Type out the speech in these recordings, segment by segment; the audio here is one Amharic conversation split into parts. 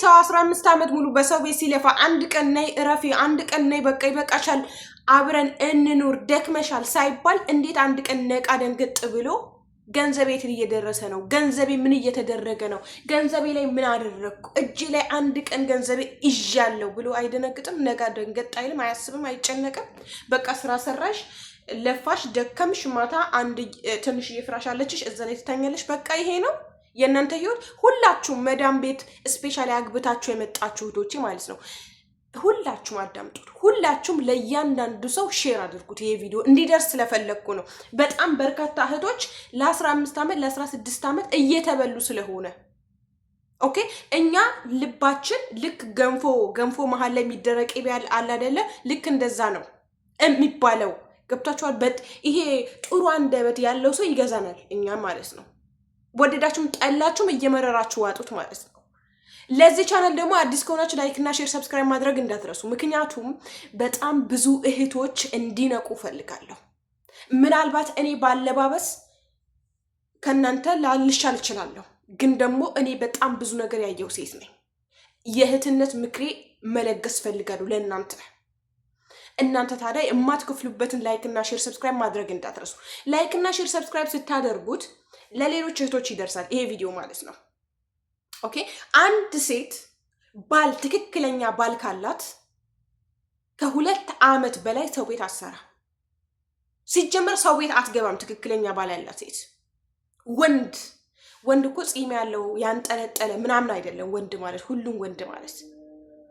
ሰው አስራ አምስት ዓመት ሙሉ በሰው ቤት ሲለፋ አንድ ቀን ነይ እረፊ፣ አንድ ቀን ነይ በቃ ይበቃሻል፣ አብረን እንኑር፣ ደክመሻል ሳይባል እንዴት አንድ ቀን ነቃ ደንገጥ ብሎ ገንዘቤ የት እየደረሰ ነው? ገንዘቤ ምን እየተደረገ ነው? ገንዘቤ ላይ ምን አደረግኩ? እጅ ላይ አንድ ቀን ገንዘቤ እዣለሁ ብሎ አይደነግጥም? ነጋ ደንገጥ አይልም? አያስብም? አይጨነቅም? በቃ ስራ ሰራሽ፣ ለፋሽ፣ ደከምሽ፣ ማታ አንድ ትንሽ ፍራሽ አለችሽ፣ እዛ ላይ ትተኛለሽ። በቃ ይሄ ነው። የእናንተ ህይወት ሁላችሁም መዳም ቤት ስፔሻሊ አግብታችሁ የመጣችሁ እህቶቼ ማለት ነው። ሁላችሁም አዳምጡት። ሁላችሁም ለእያንዳንዱ ሰው ሼር አድርጉት። ይሄ ቪዲዮ እንዲደርስ ስለፈለግኩ ነው። በጣም በርካታ እህቶች ለ15 ዓመት ለ16 ዓመት እየተበሉ ስለሆነ ኦኬ እኛ ልባችን ልክ ገንፎ ገንፎ መሀል ላይ የሚደረቅ ቢያል አለ አይደለ? ልክ እንደዛ ነው የሚባለው። ገብታችኋል? ይሄ ጥሩ አንደበት ያለው ሰው ይገዛናል እኛ ማለት ነው። ወደዳችሁም ጠላችሁም እየመረራችሁ ዋጡት ማለት ነው። ለዚህ ቻናል ደግሞ አዲስ ከሆናችሁ ላይክ እና ሼር ሰብስክራይብ ማድረግ እንዳትረሱ። ምክንያቱም በጣም ብዙ እህቶች እንዲነቁ ፈልጋለሁ ምናልባት እኔ ባለባበስ ከእናንተ ላልሻል እችላለሁ፣ ግን ደግሞ እኔ በጣም ብዙ ነገር ያየው ሴት ነኝ። የእህትነት ምክሬ መለገስ እፈልጋለሁ ለእናንተ። እናንተ ታዲያ የማትከፍሉበትን ላይክ እና ሼር ሰብስክራይብ ማድረግ እንዳትረሱ። ላይክ እና ሼር ሰብስክራይብ ስታደርጉት ለሌሎች እህቶች ይደርሳል ይሄ ቪዲዮ ማለት ነው። ኦኬ አንድ ሴት ባል ትክክለኛ ባል ካላት ከሁለት ዓመት በላይ ሰው ቤት አትሰራ። ሲጀመር ሰው ቤት አትገባም። ትክክለኛ ባል ያላት ሴት ወንድ ወንድ እኮ ፂም ያለው ያንጠለጠለ ምናምን አይደለም። ወንድ ማለት ሁሉም ወንድ ማለት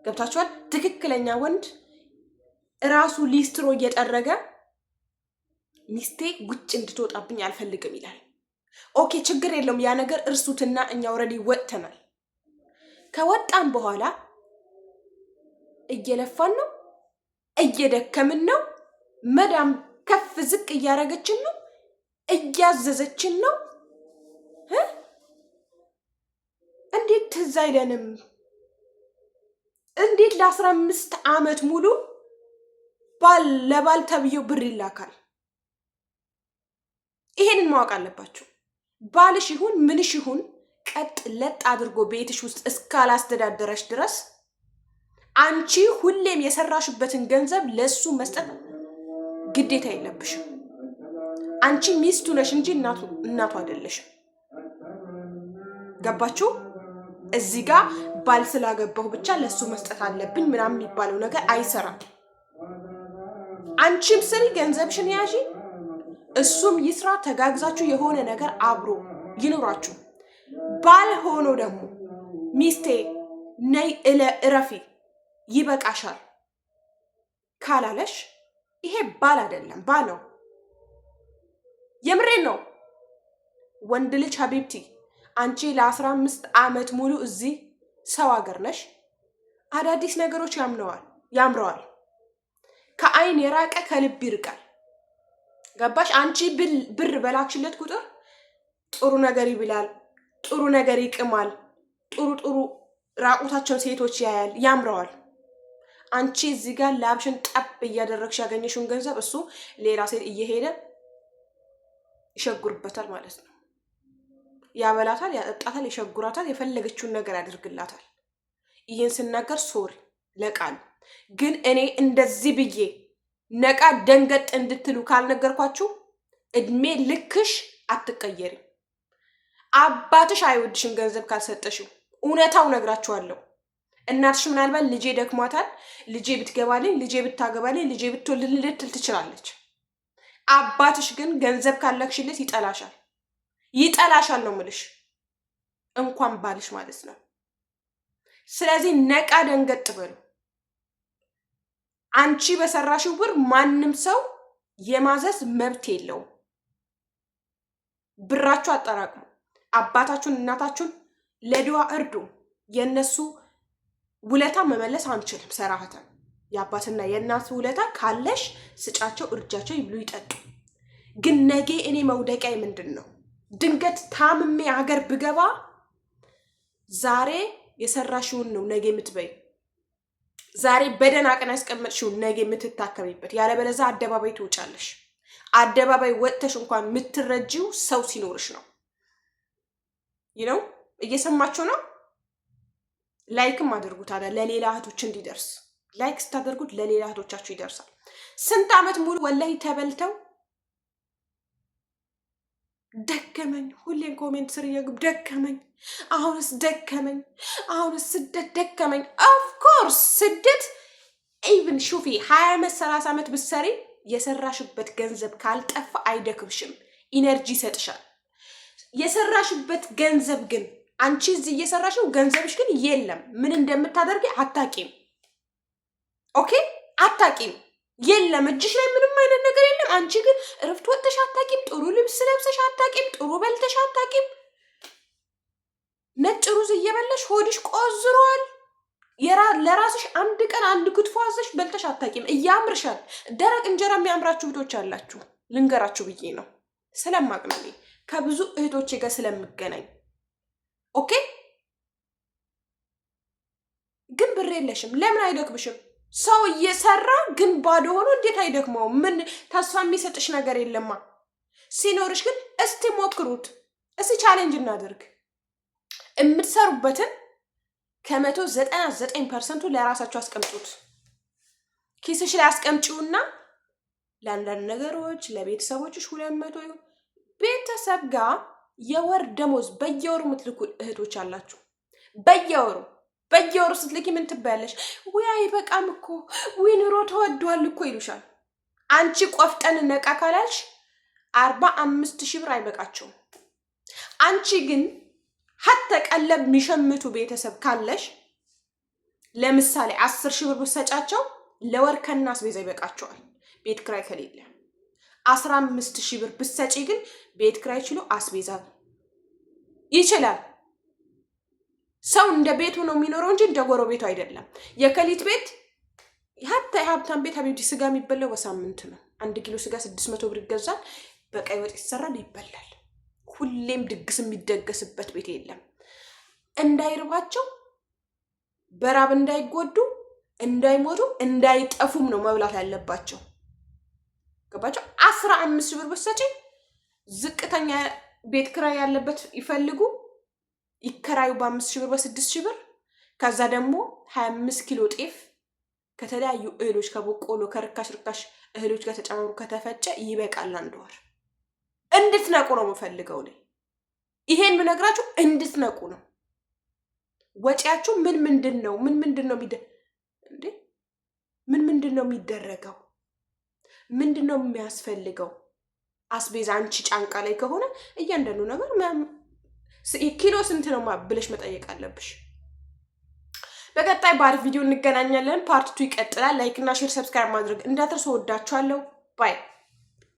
ገብታችኋል። ትክክለኛ ወንድ እራሱ ሊስትሮ እየጠረገ ሚስቴ ውጭ እንድትወጣብኝ አልፈልግም ይላል። ኦኬ ችግር የለውም ያ ነገር እርሱትና እኛ ኦልሬዲ ወጥተናል። ከወጣን በኋላ እየለፋን ነው፣ እየደከምን ነው፣ መዳም ከፍ ዝቅ እያደረገችን ነው፣ እያዘዘችን ነው። እንዴት ትዝ አይለንም? እንዴት ለአስራ አምስት ዓመት ሙሉ ባል ለባል ተብዬው ብር ይላካል? ይሄንን ማወቅ አለባችሁ። ባልሽ ይሁን ምንሽ ይሁን ቀጥ ለጥ አድርጎ ቤትሽ ውስጥ እስካላስተዳደረሽ ድረስ አንቺ ሁሌም የሰራሽበትን ገንዘብ ለሱ መስጠት ግዴታ የለብሽም። አንቺ ሚስቱ ነሽ እንጂ እናቱ አይደለሽም። ገባችሁ? እዚህ ጋር ባል ስላገባሁ ብቻ ለሱ መስጠት አለብኝ ምናምን የሚባለው ነገር አይሰራም። አንቺም ስሪ፣ ገንዘብሽን ያዢ እሱም ይስራ። ተጋግዛችሁ የሆነ ነገር አብሮ ይኖራችሁ። ባል ሆኖ ደግሞ ሚስቴ ነይ እረፊ ይበቃሻል ካላለሽ ይሄ ባል አይደለም፣ ባል ነው። የምሬን ነው። ወንድ ልጅ ሀቢብቲ አንቺ ለአስራ አምስት ዓመት ሙሉ እዚህ ሰው ሀገር ነሽ። አዳዲስ ነገሮች ያምነዋል ያምረዋል። ከአይን የራቀ ከልብ ይርቃል። ገባሽ? አንቺ ብር በላክሽለት ቁጥር ጥሩ ነገር ይብላል፣ ጥሩ ነገር ይቅማል፣ ጥሩ ጥሩ ራቁታቸውን ሴቶች ያያል፣ ያምረዋል። አንቺ እዚህ ጋር ላብሽን ጠብ እያደረግሽ ያገኘሽውን ገንዘብ እሱ ሌላ ሴት እየሄደ ይሸጉርበታል ማለት ነው። ያበላታል፣ ያጠጣታል፣ ይሸጉራታል፣ የፈለገችውን ነገር ያደርግላታል። ይህን ስናገር ሶሪ ለቃሉ ግን እኔ እንደዚህ ብዬ ነቃ ደንገጥ እንድትሉ ካልነገርኳችሁ እድሜ ልክሽ አትቀየርም አባትሽ አይወድሽም ገንዘብ ካልሰጠሽው። እውነታው ነግራችኋለሁ። እናትሽ ምናልባት ልጄ ደክሟታል፣ ልጄ ብትገባልኝ፣ ልጄ ብታገባልኝ፣ ልጄ ብትወልድ ልትል ትችላለች። አባትሽ ግን ገንዘብ ካለክሽለት ይጠላሻል። ይጠላሻል ነው ምልሽ፣ እንኳን ባልሽ ማለት ነው። ስለዚህ ነቃ ደንገጥ በሉ። አንቺ በሰራሽው ብር ማንም ሰው የማዘዝ መብት የለውም። ብራችሁ አጠራቅሙ። አባታችሁን እናታችሁን ለድዋ እርዱ። የእነሱ ውለታ መመለስ አንችልም። ሰራህተን የአባትና የእናት ውለታ ካለሽ ስጫቸው፣ እርጃቸው፣ ይብሉ ይጠጡ። ግን ነገ እኔ መውደቂያ ምንድን ነው? ድንገት ታምሜ ሀገር ብገባ ዛሬ የሰራሽውን ነው ነገ የምትበይ ዛሬ በደህና ቀን ያስቀመጥሽው ነገ የምትታከሚበት፣ ያለበለዛ አደባባይ ትውጫለሽ። አደባባይ ወጥተሽ እንኳን የምትረጂው ሰው ሲኖርሽ ነው። ይነው እየሰማችሁ ነው። ላይክም አድርጉ ታዲያ ለሌላ እህቶች እንዲደርስ። ላይክ ስታደርጉት ለሌላ እህቶቻችሁ ይደርሳል። ስንት ዓመት ሙሉ ወላሂ ተበልተው ደከመኝ። ሁሌም ኮሜንት ስር እየግብ ደከመኝ፣ አሁንስ ደከመኝ፣ አሁንስ ስደት ደከመኝ። ኦፍኮርስ ስደት ኢቭን ሹፊ ሀያ ዓመት ሰላሳ ዓመት ብትሰሪ የሰራሽበት ገንዘብ ካልጠፋ አይደክምሽም፣ ኢነርጂ ይሰጥሻል። የሰራሽበት ገንዘብ ግን አንቺ እዚህ እየሰራሽ ነው፣ ገንዘብሽ ግን የለም። ምን እንደምታደርጊ አታቂም። ኦኬ አታቂም። የለም እጅሽ ላይ ምንም አይነት ነገር የለም። አንቺ ግን እረፍት ወጥተሽ አታቂም፣ ጥሩ ልብስ ለብሰሽ አታቂም፣ ጥሩ በልተሽ አታቂም። ነጭ ሩዝ እየበለሽ ሆድሽ ቆዝሯል። ለራስሽ አንድ ቀን አንድ ክትፎ አዘሽ በልተሽ አታቂም። እያምርሻል። ደረቅ እንጀራ የሚያምራችሁ እህቶች አላችሁ፣ ልንገራችሁ ብዬ ነው ስለማቅ ከብዙ እህቶቼ ጋር ስለምገናኝ። ኦኬ ግን ብር የለሽም። ለምን አይደክብሽም? ሰው እየሰራ ግን ባዶ ሆኖ እንዴት አይደክመው? ምን ተስፋ የሚሰጥሽ ነገር የለማ። ሲኖርሽ ግን እስቲ ሞክሩት፣ እስቲ ቻሌንጅ እናደርግ። የምትሰሩበትን ከመቶ ዘጠና ዘጠኝ ፐርሰንቱ ለራሳችሁ አስቀምጡት። ኪስሽ ላይ አስቀምጪውና ለአንዳንድ ነገሮች ለቤተሰቦችሽ ሁለት መቶ ቤተሰብ ጋር የወር ደሞዝ በየወሩ የምትልኩ እህቶች አላችሁ በየወሩ በየወሩ ስትልኪ ምን ትባያለሽ? ውይ አይበቃም እኮ ውይ ኑሮ ተወዷል እኮ ይሉሻል። አንቺ ቆፍጠን ነቃ ካላልሽ አርባ አምስት ሺህ ብር አይበቃቸውም። አንቺ ግን ሀተ ቀለብ የሚሸምቱ ቤተሰብ ካለሽ ለምሳሌ አስር ሺህ ብር ብትሰጫቸው ለወር ከና አስቤዛ ይበቃቸዋል። ቤት ክራይ ከሌለ አስራ አምስት ሺህ ብር ብትሰጪ ግን ቤት ክራይ ችሎ አስቤዛ ይችላል ሰው እንደ ቤቱ ነው የሚኖረው እንጂ እንደ ጎረቤቱ አይደለም። የከሊት ቤት ሀብታ የሀብታም ቤት ሀቢብቲ ስጋ የሚበላው በሳምንት ነው። አንድ ኪሎ ስጋ ስድስት መቶ ብር ይገዛል። በቀይ ወጥ ይሰራል፣ ይበላል። ሁሌም ድግስ የሚደገስበት ቤት የለም። እንዳይርባቸው፣ በራብ እንዳይጎዱ፣ እንዳይሞቱ፣ እንዳይጠፉም ነው መብላት ያለባቸው። ገባቸው። አስራ አምስት ብር ብትሰጪ ዝቅተኛ ቤት ክራ ያለበት ይፈልጉ ይከራዩ በአምስት ሺህ ብር በስድስት ሺህ ብር ከዛ ደግሞ ሀያ አምስት ኪሎ ጤፍ ከተለያዩ እህሎች ከበቆሎ ከርካሽ ርካሽ እህሎች ጋር ተጨምሮ ከተፈጨ ይበቃል። አንድ ወር እንድትነቁ ነው የምፈልገው እኔ ይሄን ምነግራችሁ እንድትነቁ ነው። ወጪያችሁ ምን ምንድን ነው? ምን ምንድን ነው እንዴ? ምን ምንድን ነው የሚደረገው? ምንድን ነው የሚያስፈልገው? አስቤዛ አንቺ ጫንቃ ላይ ከሆነ እያንዳንዱ ነገር ኪሎ ስንት ነው ብለሽ መጠየቅ አለብሽ። በቀጣይ በአሪፍ ቪዲዮ እንገናኛለን። ፓርቲቱ ይቀጥላል። ላይክ እና ሼር፣ ሰብስክራይብ ማድረግ እንዳትረሱ። ወዳችኋለሁ። ባይ